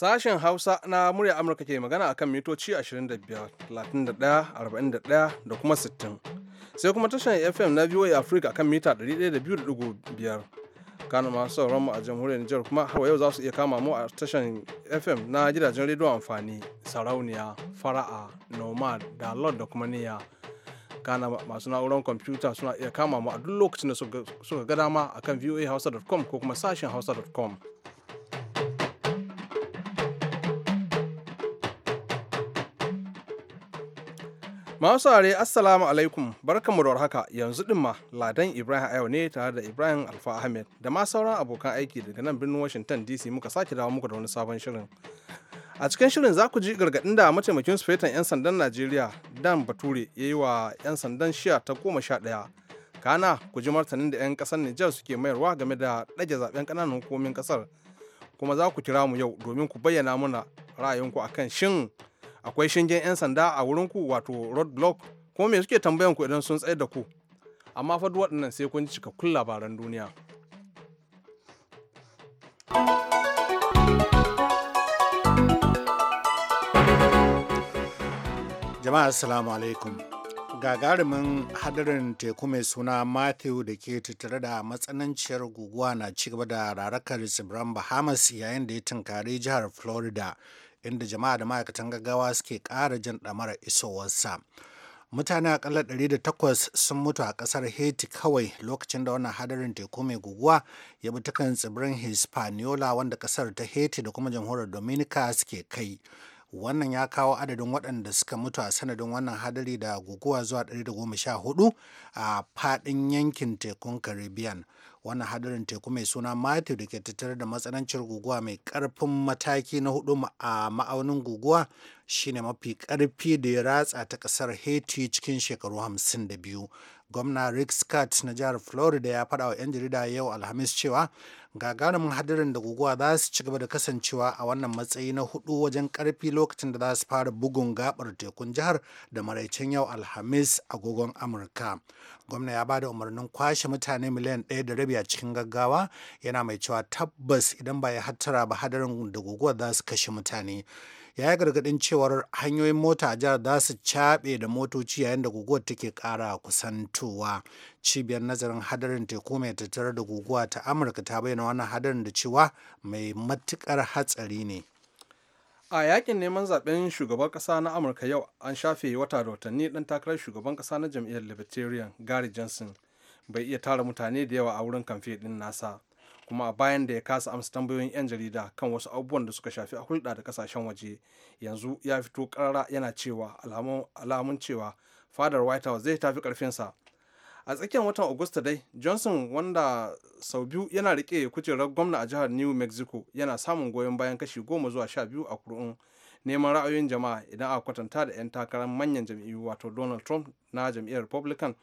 Sashen Hausa na murya Amurka ke magana akan mitoci 25, 31, 41 da kuma 60. Sai kuma tashar FM na VOA Africa akan mita 102.5. Kano masu sauran mu a jamhuriyar Nijar kuma har yau za su iya kama mu a tashar FM na gidajen rediyo amfani sarauniya, fara'a, nomad, da lord da kuma niya Kana masu na'urar kwamfuta suna iya kama mu a duk lokacin da suka ga dama akan voahausa.com ko kuma sashen hausa.com. Masu assalamu alaikum barkamu da haka yanzu din ma ladan Ibrahim a yau ne tare da Ibrahim Alfa Ahmed da ma sauran abokan aiki daga nan birnin Washington DC muka sake dawo muku da wani sabon shirin. A cikin shirin za ku ji gargaɗin da mataimakin sufetan 'yan sandan Najeriya Dan Bature ya yi wa 'yan sandan shiya ta goma sha ɗaya. Kana ku ji martanin da 'yan ƙasar Nijar suke mayarwa game da ɗage zaɓen kananan hukumomin kasar Kuma za ku kira mu yau domin ku bayyana muna ra'ayinku akan shin akwai shingen 'yan sanda a wurin ku wato road block kuma me suke tambayan ku idan sun tsaye da ku amma fa duk waɗannan sai kun ji cikakkun labaran duniya jama'a assalamu alaikum gagarumin hadarin teku mai suna matthew da ke tattare da matsananciyar guguwa na cigaba da rarakar tsibiran bahamas yayin da ya tunkari jihar florida inda jama'a da ma'aikatan gaggawa suke ƙara jin ɗamarar isowarsa. Mutane akalla 108 sun mutu a ƙasar Haiti kawai lokacin da wannan hadarin teku mai guguwa ya bi takan tsibirin Hispaniola wanda ƙasar ta Haiti da kuma jamhuriyar Dominica suke kai. Wannan ya kawo adadin waɗanda suka mutu a sanadin wannan hadari da guguwa zuwa 114 a faɗin yankin tekun Caribbean. wannan hadarin teku mai suna matthew da ke tattare da matsanancin guguwa mai karfin mataki na hudu a ma'aunin guguwa shine mafi karfi da ya ratsa ta kasar haiti cikin shekaru 52 gwamna rick scott na jihar florida ya faɗa wa 'yan jarida yau alhamis cewa gagarumin hadarin da guguwa za su ci gaba da kasancewa a wannan matsayi na hudu wajen karfi lokacin da za su fara bugun gabar tekun jihar da maraicen yau alhamis agogon amurka gwamna ya bada umarnin kwashe mutane miliyan ɗaya da rabi a cikin gaggawa yana mai cewa tabbas idan ba ya hattara ba hadarin da guguwar za su kashe mutane ya yi gargaɗin cewar hanyoyin mota a jihar za su caɓe da motoci yayin da guguwar take ƙara kusantowa cibiyar nazarin hadarin teku mai tattare da guguwa ta amurka ta bayyana wannan hadarin da cewa mai matuƙar hatsari ne a yakin neman zaben shugaban kasa na amurka yau an shafe wata da watanni dan takarar shugaban kasa na jam'iyyar libertarian gary johnson bai iya tara mutane da yawa a wurin kamfe din nasa kuma a bayan da ya kasa amsa tambayoyin 'yan jarida kan wasu abubuwan da suka shafi a hulɗa da kasashen waje yanzu ya fito karara yana cewa alamun cewa fadar white house zai tafi karfinsa a tsakiyar watan agusta dai johnson wanda sau biyu yana rike kujerar gwamna a jihar new mexico yana samun goyon bayan kashi goma zuwa sha biyu a kuri'un neman ra'ayoyin jama'a idan a kwatanta da 'yan takarar manyan jam'iyyu wato donald trump na jam'iyyar republican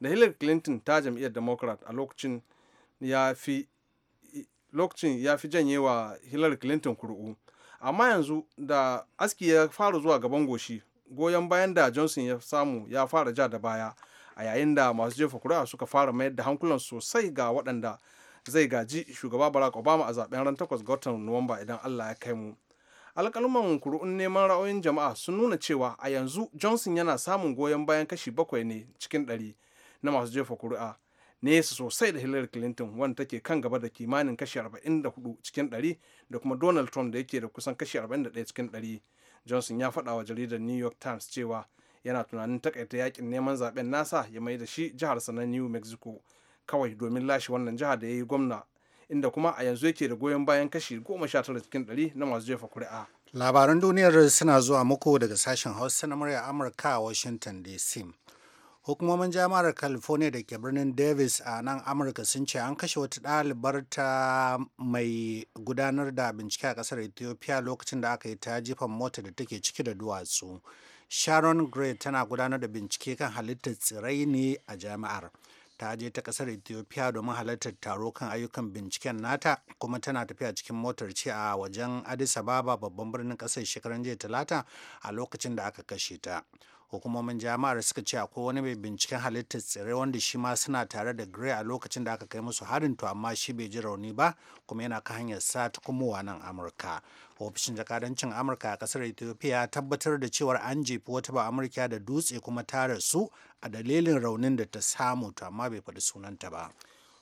da hillary clinton ta jam'iyyar democrat a lokacin ya fi lokacin ya janye wa hillary clinton kuri'u amma yanzu da aski ya fara zuwa gaban goshi goyon bayan da johnson ya samu ya fara ja da baya a yayin da masu jefa kuri'a suka fara mayar da hankulan sosai ga waɗanda zai gaji shugaba barack obama a zaben ran 8 ga watan nuwamba idan allah ya kai mu alƙaluman kuri'un neman ra'ayoyin jama'a sun nuna cewa a yanzu johnson yana samun goyon bayan kashi bakwai ne cikin ɗari na masu jefa kuri'a nesa sosai da hillary clinton wanda take kan gaba da kimanin kashi 44 cikin ɗari da kuma donald trump da yake da kusan kashi 41 cikin ɗari johnson ya faɗa wa jaridar new york times cewa yana tunanin takaita yakin neman zaben nasa ya mai da shi jihar na new mexico kawai domin lashe wannan jiha da ya yi gwamna inda kuma a yanzu yake da goyon bayan kashi goma sha tara cikin ɗari na masu jefa kuri'a labaran duniyar suna zuwa muku daga sashen hausa na murya amurka a washington dc hukumomin jami'ar california da ke birnin davis a nan amurka sun ce an kashe wata ɗalibar ta mai gudanar da bincike a kasar ethiopia lokacin da aka yi ta jifan mota da take ciki da duwatsu sharon gray tana gudanar da bincike kan halittar tsirai ne a jami'ar ta je ta ƙasar ethiopia domin halartar taro kan ayyukan binciken nata kuma tana tafiya cikin motar ce a wajen addis ababa babban birnin ƙasar shekaran jiya talata a lokacin da aka kashe ta hukumomin jama'ar suka ce akwai wani mai binciken halittar tsirrai wanda shi ma suna tare da gray a lokacin da aka kai musu harin to amma shi bai ji rauni ba kuma yana ka hanyar sa tukumowa nan amurka ofishin jakadancin amurka a kasar ethiopia tabbatar da cewar an jefi wata ba amurka da dutse kuma ta rasu a dalilin raunin da ta samu to amma bai faɗi sunanta ba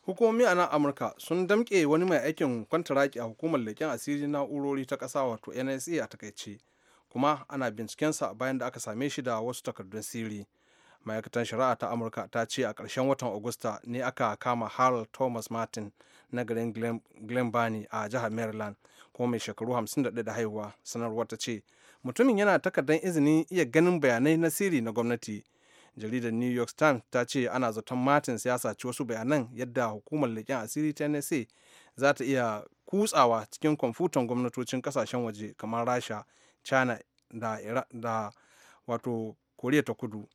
hukumomi a nan amurka sun damƙe wani mai aikin kwantaraki a hukumar leƙen asiri na'urori ta ƙasa wato nsa a takaice kuma ana bincikensa bayan da aka same shi da wasu takardun sirri ma'aikatar shari'a ta amurka ta ce a ƙarshen watan agusta ne aka kama harold thomas martin na garin glenbani a jihar maryland kuma mai shekaru 51 da haihuwa sanarwar ta ce mutumin yana takardar izinin iya ganin bayanai na sirri na gwamnati jaridar new york times ta ce ana zaton martin ya saci wasu bayanan yadda hukumar leƙen asiri ta nsa za ta iya kutsawa cikin kwamfutan gwamnatocin kasashen waje kamar rasha china da wato koriya ta kudu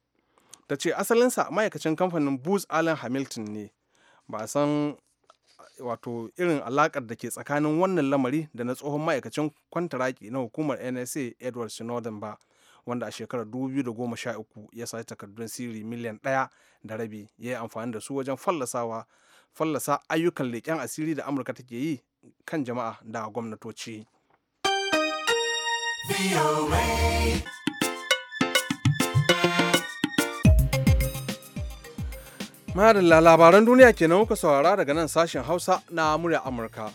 ta ce asalinsa ma'aikacin kamfanin booz allen hamilton ne ba a san eh, wato irin alakar da ke tsakanin wannan lamari da na tsohon ma'aikacin kwantaraki na hukumar nsa edward snowden ba wanda a shekarar 2013 ya sai takardun sirri miliyan ɗaya da rabi ya yi amfani da su wajen fallasawa fallasa ayyukan leƙen asiri da amurka take yi kan jama'a da gwamnatoci. Madalla labaran duniya kenan kuka saurara daga nan sashen Hausa na murya Amurka.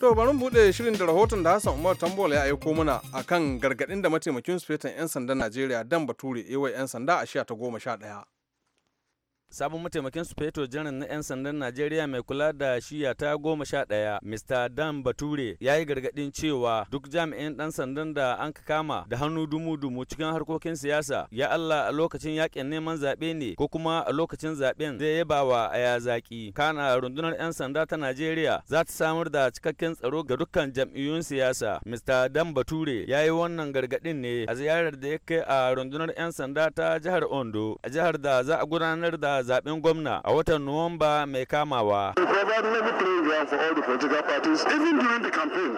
To bari buɗe shirin da rahoton da Hassan Umar Tambola ya aiko mana a kan gargaɗin da mataimakin sufetan 'yan sandan Najeriya Dan Bature yi 'yan sanda a shiya ta goma sha ɗaya. sabon mataimakin sufeto janar na 'yan sandan najeriya mai kula da shiya ta goma sha ɗaya mr dan bature ya yi gargaɗin cewa duk jami'in ɗan sandan da an kama da hannu dumu-dumu cikin harkokin siyasa ya allah a lokacin yakin neman zaɓe ne ko kuma a lokacin zaɓen zai yaba wa ya zaki kana rundunar 'yan sanda ta najeriya za ta samar da cikakken tsaro ga dukkan jam'iyyun siyasa mr dan bature ya yi wannan gargaɗin ne a ziyarar da ya kai a rundunar 'yan sanda ta jihar ondo a jihar da za a gudanar da zaben gwamna a watan Nuwamba mai kamawa.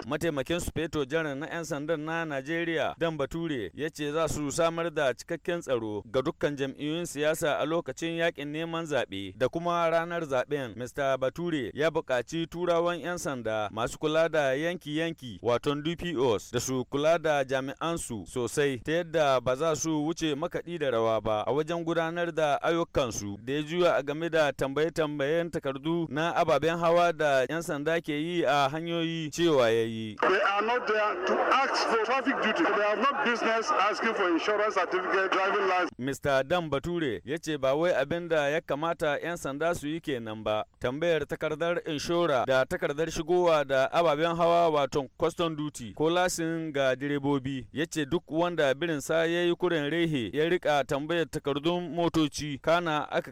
Mataimakin Sufeto Janar na 'yan sandan na Najeriya Dan Bature ya ce za su samar da cikakken tsaro ga dukkan jam'iyyun siyasa a lokacin yakin neman zaɓe da kuma ranar zaɓen. Mr. Bature ya buƙaci turawan 'yan sanda masu kula da yanki-yanki waton DPOs da su kula da jami'ansu sosai ta yadda ba za su wuce makaɗi da rawa ba a wajen gudanar da ayyukansu da ya juya a game da tambaye-tambayen takardu na ababen hawa da 'yan sanda ke yi a hanyoyi cewa ya yi. They are not there to ask for traffic duty. They have for insurance certificate, driving license. Mr. Dan Bature ya ce ba wai abin da ya kamata 'yan sanda su yi kenan ba. Tambayar takardar inshora da takardar shigowa da ababen hawa wato custom duty ko lasin ga direbobi ya ce duk wanda birinsa ya yi kuren rehe ya rika tambayar takardun motoci kana aka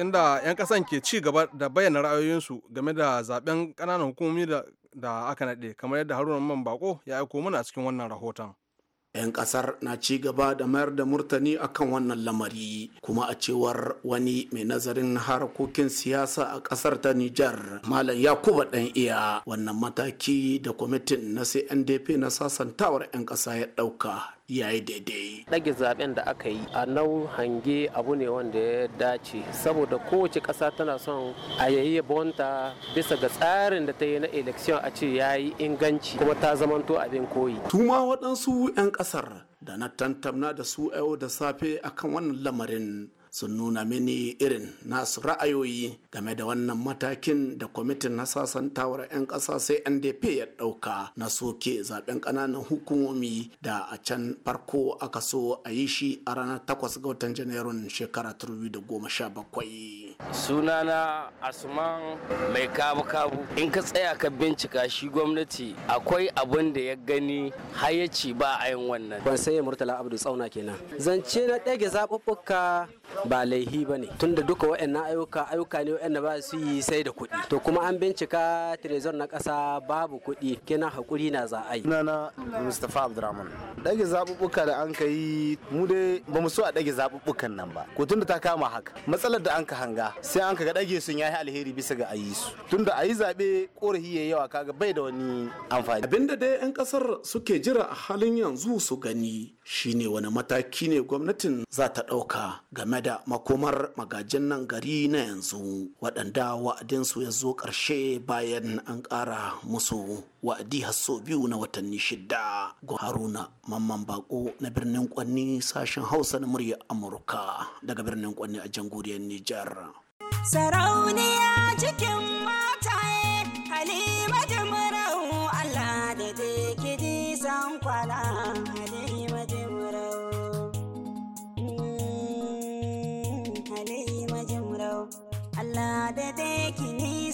inda 'yan kasan ke ci gaba da bayyana ra'ayoyinsu game da zaben kananan hukumomi da aka naɗe kamar yadda haruna man bako ya aiko mana a cikin wannan rahoton 'yan kasar na ci gaba da mayar da murtani akan wannan lamari kuma a cewar wani mai nazarin harkokin siyasa a kasar ta Nijar Malam Yakuba dan iya wannan mataki da kwamitin na CNDP na sasantawar 'yan kasa ya dauka ya yi daidai. Ɗage zaben da aka yi a nau hange abu ne wanda ya dace saboda kowace ƙasa tana son a yayi bonta bisa ga tsarin da ta yi na election a ce ya yi inganci kuma ta zamanto abin koyi. Tuma waɗansu 'yan ƙasar da na tantamna da su yau da safe akan wannan lamarin. sun nuna mini irin nasu ra'ayoyi game da wannan matakin da kwamitin na sasantawar 'yan ƙasa sai ndp ya ɗauka na soke zaben ƙananan hukumomi da a can farko aka so a yi shi a ranar 8 ga watan janairun shekara 2017 sunana asuman mai kabu-kabu in ka tsaya ka bincika shi gwamnati akwai abin da ya gani har ya ci ba a yin wannan ban sai murtala abdu tsauna kenan zance na ɗage zaɓuɓɓuka ba laihi ba ne tunda duka waɗannan ayyuka ayyuka ne waɗanda ba su yi sai da kuɗi to kuma an bincika trezor na ƙasa babu kuɗi kenan hakuri na za a yi mustapha abdurrahman ɗage zaɓuɓɓuka da an ka yi mu dai ba mu so a ɗage zaɓuɓɓukan nan ba ko tunda ta kama haka matsalar da an ka hanga sai an ka ga ɗage sun yi alheri bisa ga ayi su a ayi zaɓe ƙorafi ya yawa kaga bai da wani amfani abinda dai 'yan ƙasar suke jira a halin yanzu su gani shine wani mataki ne gwamnatin za ta ɗauka game da makomar magajin nan gari na yanzu waɗanda wa'adinsu ya zo ƙarshe bayan an ƙara musu wa'adi hasso biyu na watanni shida ga haruna mamman bako na birnin kwanni sashen hausa na murya amurka daga birnin kwanni a jamhuriyar nijar sarauniya cikin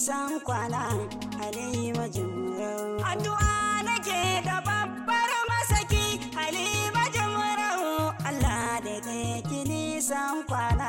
nisan kwana halima jimrau addu'a nake da babbar masaki halima jimrau Allah da kai ki nisan kwana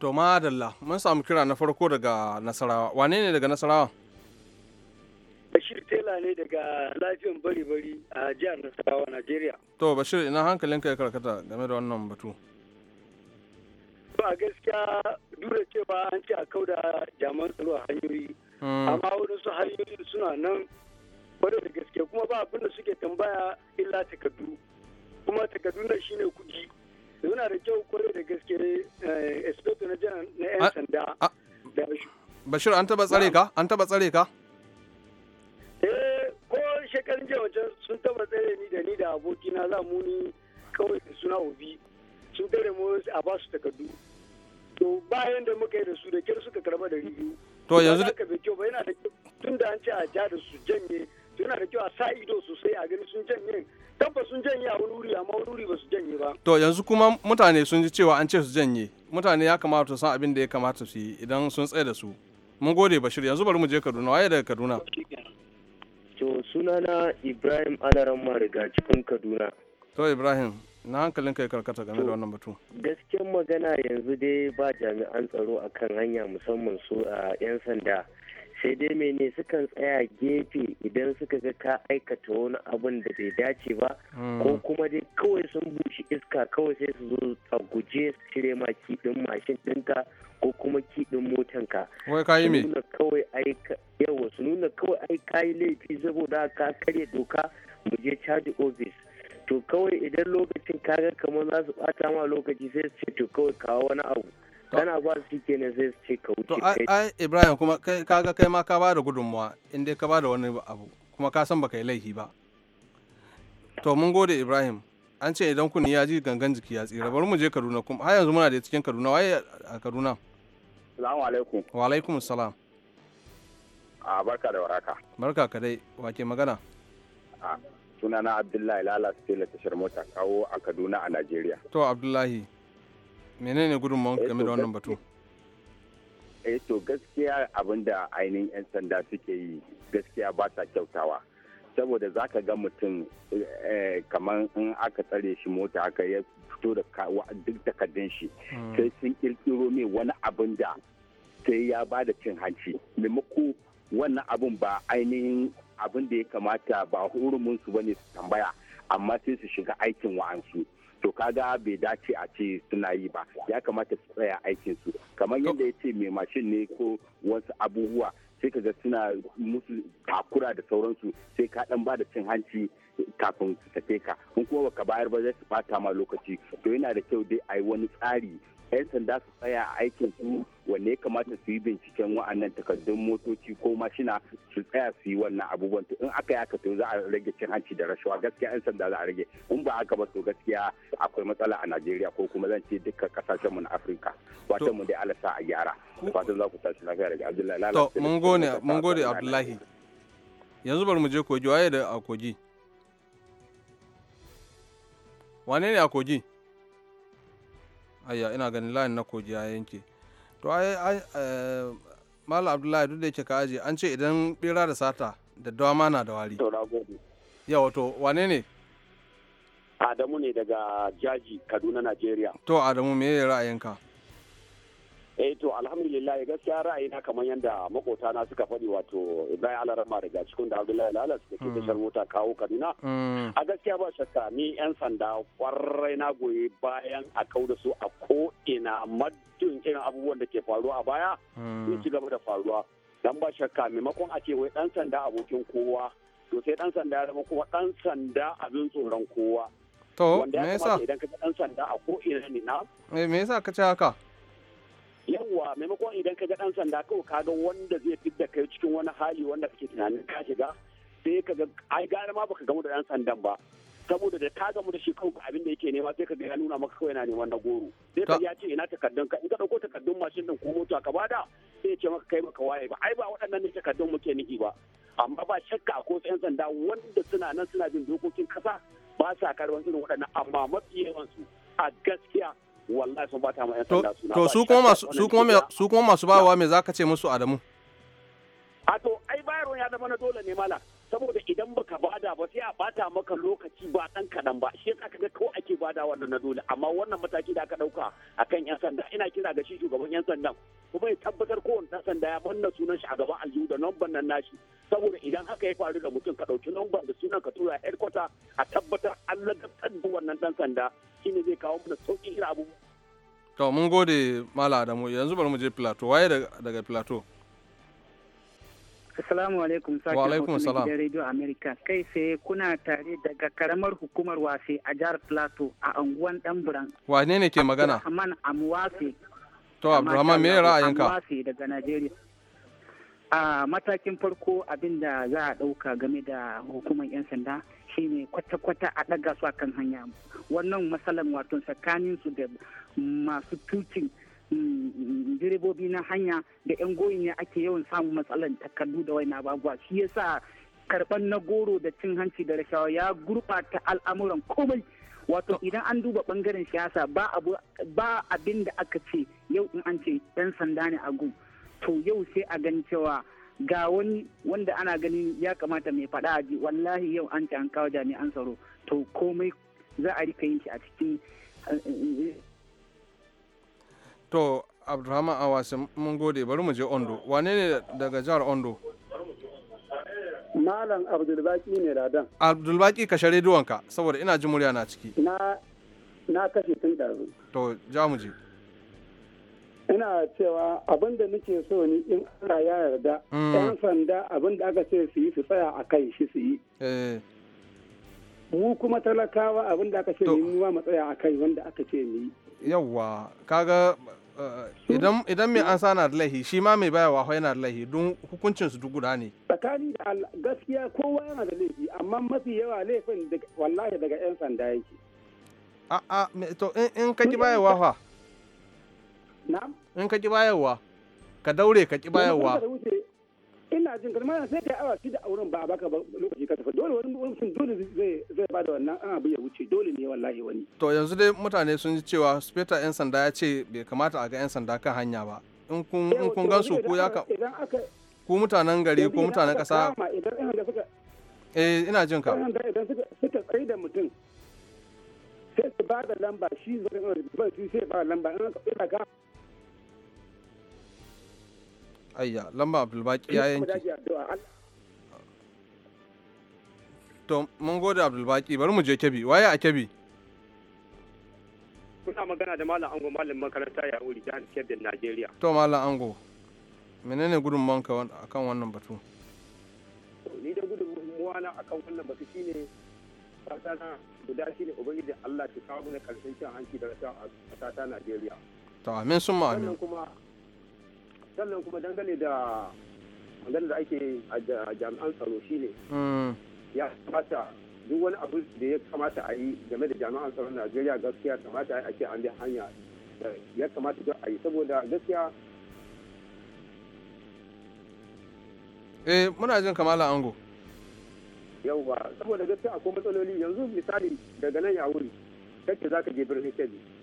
to madalla mun samu kira na farko daga nasarawa wane ne daga nasarawa bashir tela ne daga lafiyan bari bari a jihar nasarawa najeriya to bashir ina hankalin ka ya karkata game da wannan batu ba gaskiya dura cewa an ce a kauda jaman tsaro a hanyoyi hmm. amma waɗansu hanyoyi suna nan wadda da gaske kuma ba abin da suke tambaya illa takardu kuma takardu nan shine kuɗi yana da kyau kwarai da gaske eh, espeto na jiran na 'yan ah, sanda ah. bashir an taba tsare ka an taba tsare ka eh ko shekarun jiya wajen sun taba tsare ni da ni da abokina za mu ni kawai suna obi sun tare mu a ba su takardu to bayan da muka yi da su da kyar suka karba da biyu to yanzu da kabe kyau ba yana da kyau tun da an ce a ja da su janye yana da kyau a sa ido sosai a gani sun janye tabbas sun janye a wani wuri amma wani wuri ba su janye ba to yanzu kuma mutane sun ji cewa an ce su janye mutane ya kamata su san abin da ya kamata su yi idan sun tsaye da su mun gode bashir yanzu bari mu je kaduna waye daga kaduna to sunana ibrahim ma daga cikin kaduna to ibrahim na hankalin kai karkata game da wannan batu gaskiyar magana yanzu dai ba jami'an tsaro akan hanya musamman su a 'yan sanda sai dai mene sukan tsaya gefe idan suka ga ka aikata wani abun da bai dace ba hmm. ko kuma dai kawai sun bushi iska kawai sai su zo a guje su cire ma kiɗin mashin ɗinka ko kuma kiɗin motanka wai yi me kawai aika yawa su nuna kawai ai kayi laifi saboda ka karya doka mu je charge office to kawai idan lokacin kaga kamar za su bata ma lokaci sai su ce to kawai kawo wani abu kana ba su ke ne zai su ce ka wuce kai ai ibrahim kuma kaga kai ma ka ba da gudunmuwa in dai ka ba da wani abu kuma ka san baka yi laifi ba to mun gode ibrahim an ce idan kuni ya ji gangan jiki ya tsira bari mu je kaduna kuma har yanzu muna da cikin kaduna waye a kaduna salamu alaikum wa alaikum salam a barka da waraka barka ka dai wake magana a sunana abdullahi lala stella tashar mota kawo a kaduna a najeriya to abdullahi menene gudunmawar game da eh, wannan batu eh to gaskiya abin da ainihin 'yan sanda suke yi gaskiya ba ta kyautawa saboda za ka ga mutum eh, kamar in aka tsare shi mota aka ya fito da duk takardun shi hmm. sai sun kirkiro mai wani abin da sai ya ba da cin hanci maimako wannan abin ba ainihin abin da ya kamata ba hurumin su bane su tambaya amma sai su shiga aikin wa'ansu to kaga bai dace a ce suna yi ba ya kamata su tsaya aikin su kamar yadda ya ce mai mashin ne ko wasu abubuwa sai ka ga suna musu takura da sauransu sai ka dan bada cin hanci kafin su tafe ka in kuma baka bayar ba zai su bata ma lokaci to yana da kyau dai a yi wani tsari 'yan sanda su tsaya a aikin su wanne ya kamata su yi binciken wa'annan takardun motoci ko mashina su tsaya su yi wannan abubuwan to in aka yi haka to za a rage cin hanci da rashawa gaskiya 'yan sanda za a rage in ba haka ba to gaskiya akwai matsala a najeriya ko kuma zan ce dukkan kasashen mu na afirka wata mu dai alasa a gyara fatan za ku tashi lafiya daga abdullahi to mun gode mun gode abdullahi yanzu bari mu je kogi waye da a wane ne a kogi ayya ina ganin layin na kogi ya yanke to ai eh, mala abdullahi duk da yake ka an ce idan bera da sata da dama na da wari ya wato wane ne adamu ne daga jaji kaduna nigeria to adamu me ra'ayinka eh to alhamdulillah gaskiya na kamar yadda makota na suka faɗi wato Ibrahim Alarama daga cikin da Abdullahi Lalas da ke hmm. tashar mota kawo Kaduna hmm. a gaskiya ba shakka ni yan sanda kwarai na goyi bayan a kau da su a ko ina maddin irin abubuwan da ke faruwa a baya hmm. sun ci gaba da faruwa dan ba shakka maimakon a ce wai dan sanda abokin kowa to sai dan sanda ya zama kuma dan sanda abin tsoron kowa to me yasa idan ka dan sanda a ko ina ne na eh, me yasa ka ce haka maimakon idan ka ga dan sanda kawai ka ga wanda zai fidda kai cikin wani hali wanda kake tunanin ka shiga sai ka ga ai gara ma baka gamu da dan sandan ba saboda da ka gamu da shi kawai abin da yake nema sai ka ga ya nuna maka kawai yana neman na goro sai ka ya ce ina takardun ka in ka dauko takardun mashin din ko mota ka bada sai ya ce maka kai maka waye ba ai ba waɗannan ne takardun muke nufi ba amma ba shakka ko yan sanda wanda suna nan suna bin dokokin kasa ba sa karban irin waɗannan amma mafi yawan su a gaskiya wallahi sun bata ma yan sanda suna to su kuma su kuma su kuma masu bawa me zaka ce musu Adamu a to ai bayarwa ya zama na dole ne mala saboda idan baka bada ba sai a bata maka lokaci ba dan kadan ba shi yasa ga kawai ake bada wannan na dole amma wannan mataki da aka dauka akan yan sanda ina kira ga shi shugaban yan sandan kuma ya tabbatar kowane dan sanda ya banna sunan shi a gaban aljihu da namban nan nashi saboda idan haka ya faru da mutum ka dauki namban da sunan ka tura headquarter a tabbatar an ladabtar da wannan dan sanda shine zai kawo mana sauki irin abubuwa to mun gode mala adamu yanzu bari mu je plateau waye daga plateau Assalamu alaikum sake wa alaikum salam Radio America kai sai kuna tare daga karamar hukumar wasi a jihar Plateau a anguwan Danburan. Wane ne ke magana? Aman Amwase. To Abdulrahman me ra'ayinka? Amwase daga Nigeria. A matakin farko abinda za a dauka game da hukumar 'yan sanda shine kwata-kwata a daga su a kan hanya. Wannan matsalan wato tsakaninsu da masu tukin direbobi na hanya da 'yan goyi ne ake yawan samun matsalan takardu da wai waina bagwa shi yasa karban na goro da cin hanci da rashawa ya gurɓata al'amuran komai wato idan an duba bangaren siyasa ba abin da aka ce yau in an ce dan sanda ne a gu to yau sai a gani cewa ga wani wanda ana ganin ya kamata mai fada a ji wallahi yau an ce an kawo jami'an tsaro to komai za a rika yin shi a cikin eh, eh, to abdulrahman awasin mun gode bari mu je ondo wane ne daga jihar ondo malam abdulbaki ne ladan abdulbaki ka share duwanka saboda ina ji murya na ciki na na kashe tun ɗazu to ja mu je ina cewa abinda da nake so ni in Allah ya yarda mm. yan sanda abinda aka ce su yi su tsaya a kai shi su yi eh. mu kuma talakawa abinda aka ce mu ma mu tsaya a kai wanda aka ce mu yi yawwa kaga eh, idan mai an sana da laihi shi ma mai baya wa yana da laihi don hukuncin su duk guda ne tsakani da gaskiya kowa yana da laifi amma mafi yawa laifin wallahi daga yan sanda yake a a to in ka ki bayarwa fa na in ka ki bayarwa ka daure ka ki bayarwa ina jin mana sai da awa shida a wurin ba a baka lokaci ka tafi dole wani mutum dole zai zai bada wannan ana abu ya wuce dole ne wallahi wani to yanzu dai mutane sun ji cewa speta yan sanda ya ce bai kamata a ga yan sanda kan hanya ba in kun eh, in kun gansu ko ya ka ku mutanen gari ko mutanen kasa eh ina jin ka idan suka suka tsaye da mutum sai su ba da lamba shi zai ba da lamba in ka ayya lamba abdulbaki ya yanke to mun gode abdulbaki bari mu je kebi waye a kebi kuna magana da malam ango malam makaranta ya wuri jihar kebbin najeriya to malam ango menene gudunmanka akan wannan batu ni da gudunmuwana akan wannan batu shine fatana guda shine ubangiji Allah ta kawo mana karshen cin hanci da rasa a ƙasa Najeriya to amin sun ma amin kuma sannan kuma dangane da dangane da ake a jami'an tsaro shine mm. ya kamata duk wani abu da ya kamata a yi game da jami'an tsaron najeriya gaskiya kamata a yi ake an bi hanya ya kamata don a yi saboda gaskiya eh muna jin kamala ango yauwa saboda gaskiya akwai matsaloli yanzu misali daga nan ya wuri kake zaka je birnin kebbi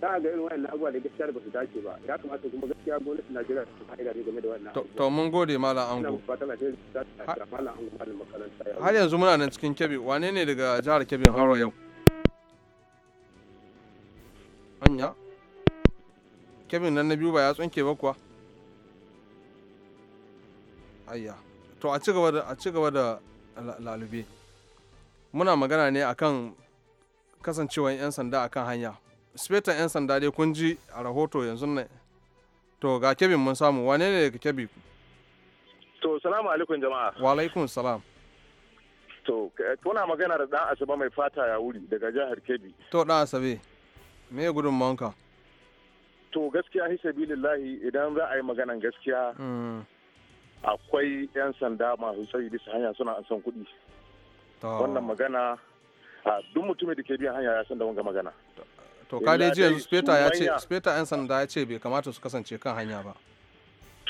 za ga irin wayannan abubuwa da gaskiya ba su dace ba ya kamata kuma gaskiya su Najeriya su fa'ida ne game da wannan to mun gode malam Ango har yanzu muna nan cikin Kebbi wane ne daga jihar Kebbi har yau hanya Kebbi nan na biyu ba ya tsunke ba kuwa ayya to a cigaba da a da lalube muna magana ne akan kasancewa 'yan sanda akan hanya spetan 'yan sanda dai kun ji a rahoto yanzu ne to ga kebin mun samu wane ne daga kebi to salamu alaikum jama'a wa alaikum salam to eh, kuna magana da dan asabe mai fata ya wuri daga jihar kebi to dan asabe me gudun manka to gaskiya hisabilillahi idan za a yi maganan gaskiya mm. akwai 'yan sanda masu tsayi bisa hanya suna an san kuɗi wannan magana duk mutumin da ke biyan hanya ya san da wanga magana to ka dai speta ya ce speta yan sanda ya ce bai kamata su kasance kan hanya ba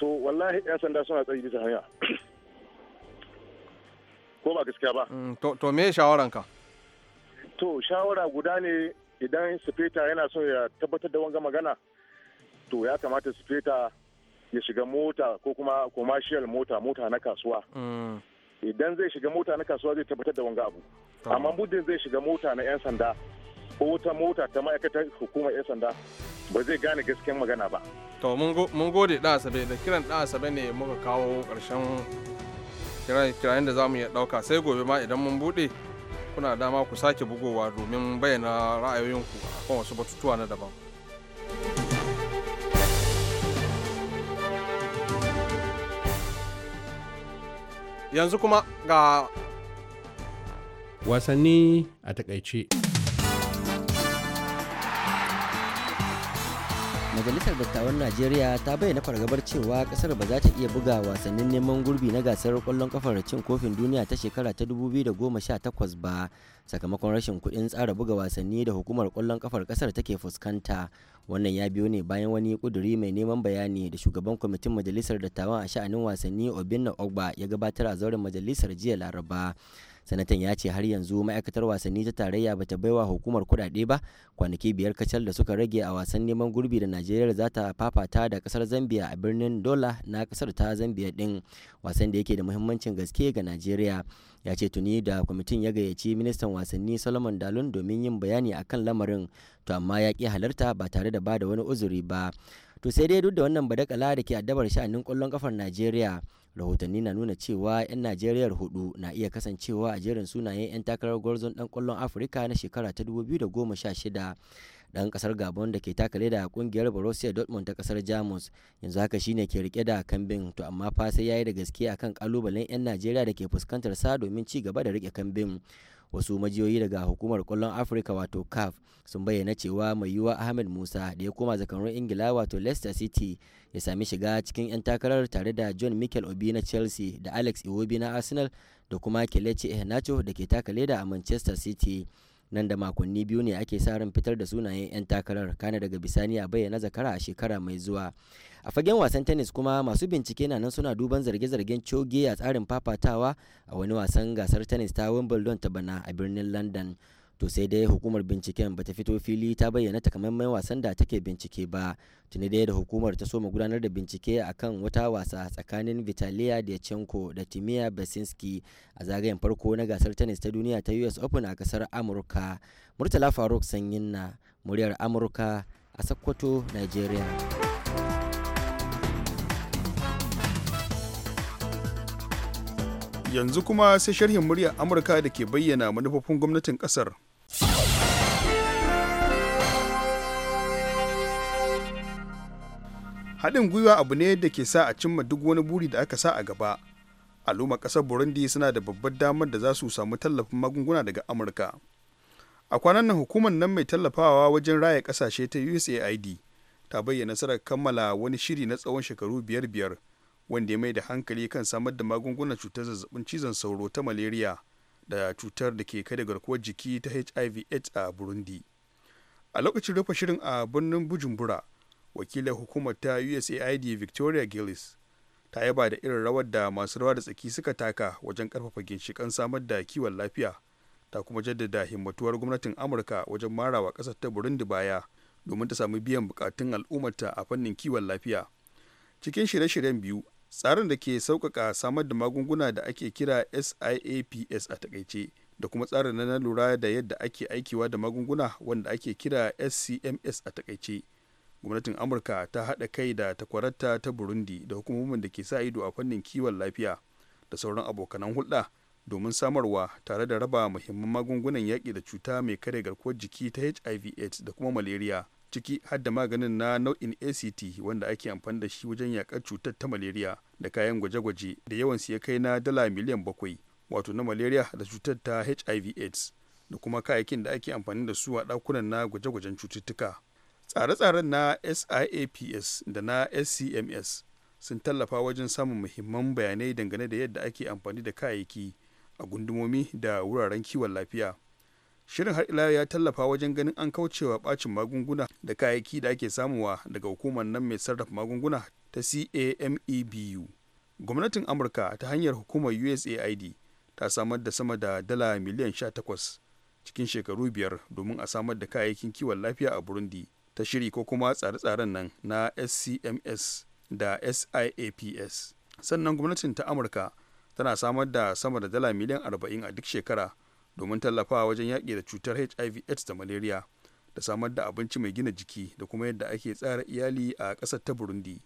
to wallahi yan sanda suna tsayi bisa hanya ko ba gaskiya ba mm, to me shawaran ka to shawara guda ne idan speta yana so ya tabbatar da wanga magana to ya kamata speta ya shiga mota ko kuma commercial mota mota na kasuwa mm. idan zai shiga mota na kasuwa zai tabbatar da wanga abu amma muddin zai shiga mota na 'yan sanda ko wata mota ta ma'aikatar hukumar 'yan sanda ba zai gane gaskiyar magana ba. To mun gode da asabe da kiran da asabe ne muka kawo ƙarshen kirayen da za mu iya ɗauka sai gobe ma idan mun buɗe kuna dama ku sake bugowa domin bayyana ra'ayoyinku akan wasu batutuwa na daban. Yanzu kuma ga wasanni a takaice. majalisar dattawan najeriya ta bayyana fargabar cewa kasar ba za ta iya buga wasannin neman gurbi na gasar kwallon kafar cin kofin duniya ta shekara ta 2018 ba sakamakon rashin kuɗin tsara buga wasanni da hukumar kwallon kafar kasar take fuskanta wannan ya biyo ne bayan wani kuduri mai neman bayani da shugaban kwamitin majalisar dattawan a sha'anin wasanni obinna ogba ya gabatar a zauren majalisar jiya laraba sanatan ya ce har yanzu ma'aikatar wasanni ta tarayya ba ta baiwa hukumar kudade ba kwanaki biyar kacal da suka rage a wasan neman gurbi da najeriya za ta fafata da kasar zambia a birnin dola na kasar ta zambia din wasan da yake da muhimmancin gaske ga najeriya ya ce tuni da kwamitin ya gayyaci ministan wasanni solomon dalun domin yin bayani akan lamarin to amma ya ki halarta ba tare da bada wani uzuri ba to sai dai duk da wannan badakala da ke addabar sha'anin kwallon kafar najeriya rahotanni na nuna cewa 'yan najeriyar hudu na iya kasancewa a jerin sunayen 'yan takarar gwarzon dan kwallon afirka na shekara ta 2016 dan kasar gabon da ke takale da kungiyar borussia dortmund ta kasar jamus yanzu haka shine ke rike da kambin to amma fa sai yayi da gaske akan kalubalen yan najeriya da ke fuskantar sa domin ci gaba da rike kambin wasu majiyoyi daga hukumar kwallon afirka wato caf sun bayyana cewa mai yiwuwa ahmed musa da ya koma zakarun ingila wato leicester city ya sami shiga cikin 'yan takarar tare da john michael obi na chelsea da alex iwobi na arsenal da kuma kelechi ehnacho da ke takale da a manchester city nan da makonni biyu ne ake sa ran fitar da sunayen 'yan takarar kana daga bisani a bayyana zakara a shekara mai zuwa a fagen wasan tennis kuma masu bincike na nan suna duban zarge-zargen coge a tsarin fafatawa a wani wasan gasar tennis ta wimbledon ta bana a birnin london to sai dai hukumar binciken bata fito fili ta bayyana takamaiman wasan da take bincike ba tuni dai da hukumar ta soma gudanar da bincike akan wata wasa tsakanin vitalia diachenko da timia basinski a zagayen farko na gasar tennis ta duniya ta us open a kasar amurka murtala faruk sanyin na muryar amurka a sakkwato nigeria yanzu kuma sai sharhin muryar amurka da ke bayyana manufofin gwamnatin kasar haɗin gwiwa abu ne da ke sa a cimma duk wani buri da aka sa a gaba al'ummar ƙasar burundi suna da babbar damar da za su samu tallafin magunguna daga amurka a kwanan nan hukumar nan mai tallafawa wajen raya ƙasashe ta usaid ta bayyana nasarar kammala wani shiri na tsawon shekaru biyar biyar wanda ya mai da hankali kan samar da magungunan cutar zazzabin cizon sauro ta malaria da cutar da ke kada garkuwar jiki ta hiv a burundi a lokacin rufe shirin a birnin bujumbura wakilar hukumar ta usaid victoria gillis ta yaba da irin rawar da masu rawa da tsaki suka taka wajen karfafa ginshikan samar da kiwon lafiya ta kuma jaddada himmatuwar gwamnatin amurka wajen marawa kasar ta burundi baya domin ta samu biyan bukatun al'ummarta a fannin kiwon lafiya cikin shirye-shiryen biyu tsarin da ke sauƙaƙa samar da magunguna da ake kira siaps a takaice da kuma tsarin na lura da yadda ake aikiwa da magunguna wanda ake kira scms a takaice gwamnatin amurka ta haɗa kai da takwararta ta burundi da hukumomin da ke sa ido a fannin kiwon lafiya da sauran abokanan hulɗa domin samarwa tare da raba muhimman magungunan yaƙi da cuta mai kare garkuwar jiki ta hiv aids da kuma malaria ciki har da maganin na nau'in act wanda ake amfani da shi wajen yakar cutar ta malaria da kayan gwaje-gwaje da yawan su ya kai na dala miliyan bakwai wato na malaria da cutar ta hiv aids da kuma kayayyakin da ake amfani da su a ɗakunan na gwaje-gwajen cututtuka tsare-tsaren na siaps da na scms sun tallafa wajen samun muhimman bayanai dangane da yadda ake amfani da kayayyaki a gundumomi da wuraren kiwon lafiya shirin har ila ya tallafa wajen ganin an kaucewa bacin magunguna da kayayyaki da ake samuwa daga hukumar nan mai sarrafa magunguna ta camebu gwamnatin amurka ta hanyar hukumar usaid ta samar da sama da dala miliyan 18 cikin shekaru biyar domin a samar da kayayyakin kiwon lafiya a burundi ta shiri ko kuma tsare-tsaren nan na scms da siaps sannan gwamnatin ta amurka tana samar da sama da dala miliyan 40 a duk shekara domin tallafawa wajen yaƙi da cutar hiv aids da malaria da samar da abinci mai gina jiki da kuma yadda ake tsara iyali a ƙasar ta burundi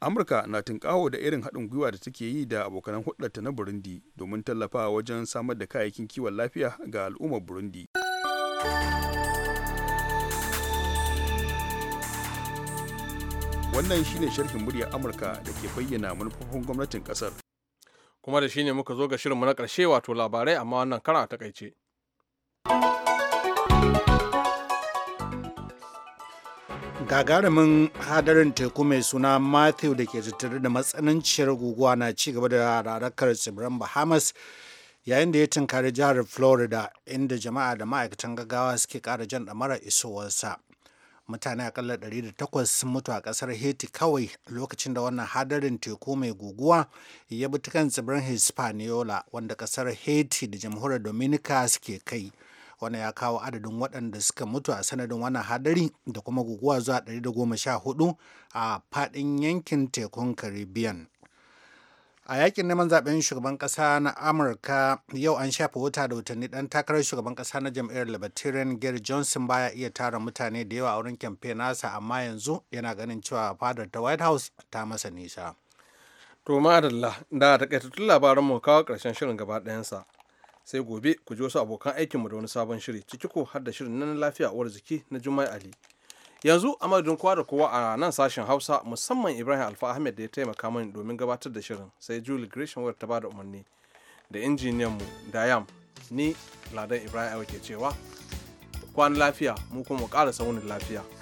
amurka na tunkawo da irin haɗin gwiwa da take yi da abokanan hulɗarta na burundi domin tallafawa wajen samar da kayayyakin kiwon lafiya ga al'ummar burundi wannan shine sharhin muryar amurka da ke bayyana manufofin gwamnatin kasar kuma da shi ne muka zo ga shirinmu na ƙarshe wato labarai amma wannan kara ta kaice. gagarumin hadarin teku mai suna matthew da ke tattare da matsananciyar guguwa na ci gaba da rarakar tsibiran bahamas yayin da ya tunkari jihar florida inda jama'a da ma'aikatan gaggawa suke kara jan damara isowarsa mutane akalla 108 sun mutu a kasar haiti kawai lokacin da wannan hadarin teku mai guguwa ya bi kan tsibirin hispaniola wanda kasar haiti da jamhuriyar dominica suke kai wannan ya kawo adadin waɗanda suka mutu a sanadin wannan hadari da kuma guguwa zuwa 114 a faɗin yankin tekun caribbean a yakin neman zaben shugaban kasa na amurka yau an shafa wuta da watanni dan takarar shugaban kasa na jam'iyyar libertarian gary johnson baya iya tara mutane da yawa a wurin kyamfe nasa amma yanzu yana ganin cewa fadar ta white house ta masa nisa to ma'adalla da takaitattun labaran mu kawo karshen shirin gaba ɗayansa sai gobe ku ji wasu abokan aikinmu da wani sabon shiri ciki ko har da shirin nan lafiya uwar jiki na jummai ali yanzu a madadin kowa da kowa a nan sashen hausa musamman ibrahim alfa ahmed da ya taimaka mani domin gabatar da shirin sai julie gresham wadda ta bada umarni da injiniyanmu dayam ni ladan ibrahim ke cewa kwan lafiya mu kuma mu ƙara saunin lafiya